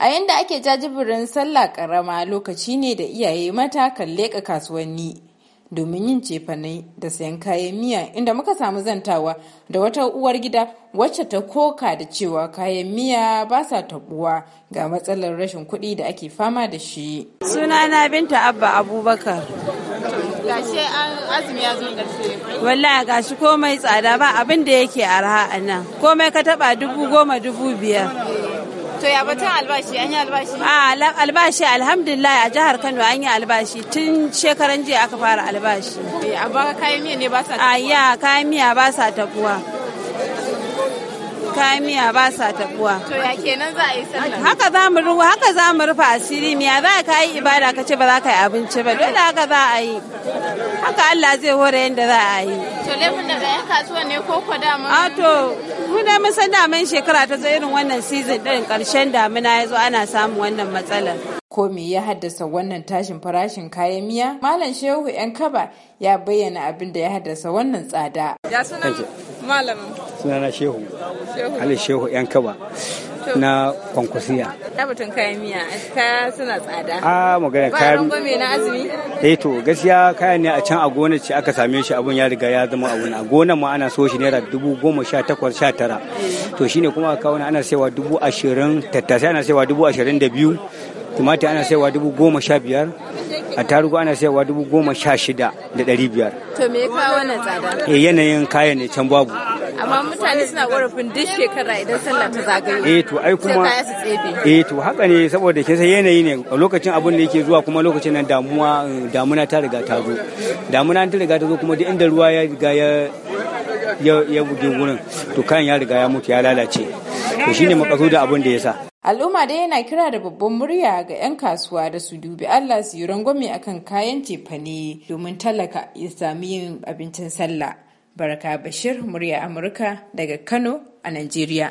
A yanda ake jajibirin sallah karama lokaci ne da iyaye mata kan leƙa kasuwanni domin yin cefane da sayan kayan miya inda muka samu zantawa da wata uwar gida wacce ta koka da cewa kayan miya ba sa tabuwa ga matsalar rashin kuɗi da ake fama da shi. suna na Binta Abba Abubakar. Gashe azumi ya zo Wallahi gashi komai tsada ba abin da yake arha a nan. Komai ka taɓa dubu goma dubu biyar. To ya batun albashi an yi albashi? A albashi alhamdulillah a jihar Kano an yi albashi tun shekaran jiya aka fara albashi. Eh, a baka kayan miya ne ba sa tafuwa? A ya kayan miya ba sa tafuwa. kayan miya ba sa tabuwa. To ya kenan za a yi sallah? Haka za mu ruwa, haka za mu rufa asiri miya za ka yi ibada ka ce ba za ka yi abinci ba dole haka za a yi. Haka Allah zai hore yadda za a yi. To mun daga yan kasuwa ne ko ko mun. A to mu da mun san mun shekara ta zai irin wannan season din karshen damina ya zo ana samun wannan matsalar. ko me ya haddasa wannan tashin farashin kayan miya malam shehu yan kaba ya bayyana abin da ya haddasa wannan tsada ya sunan malamin sunana shehu ali shehu yan kaba na kwankwasiya ta batun kayan miya kaya suna tsada a magana kayan ba na azumi eh to gaskiya kayan ne a can a gona ce aka same shi abun ya riga ya zama abun a gona ma ana so shi naira dubu goma sha takwas sha tara mm. to shine kuma a kawo ana saiwa dubu ashirin tattasai ana saiwa dubu ashirin da biyu tumatir ana saiwa dubu goma sha biyar a tarugu ana sayarwa dubu goma sha shida da ɗari biyar. To me ka kawo wannan tsada? Eh yanayin kayan ne can babu. Amma mutane suna ƙorafin duk shekara idan sallah ta zagaye. Eh to ai kuma. su Eh to haka ne saboda kin san yanayi ne a lokacin abun da yake zuwa kuma lokacin nan damuwa damuna ta riga ta zo. Damuna ta riga ta zo kuma duk inda ruwa ya riga ya ya buge wurin to kayan ya riga ya mutu ya lalace to shine makasu da abun da ya sa. Al'umma dai yana kira da babban murya ga 'yan kasuwa da su dubi Allah su yi rangwame akan kayan cefane domin talaka ya sami yin abincin sallah. Baraka Bashir, murya Amurka daga Kano a Najeriya.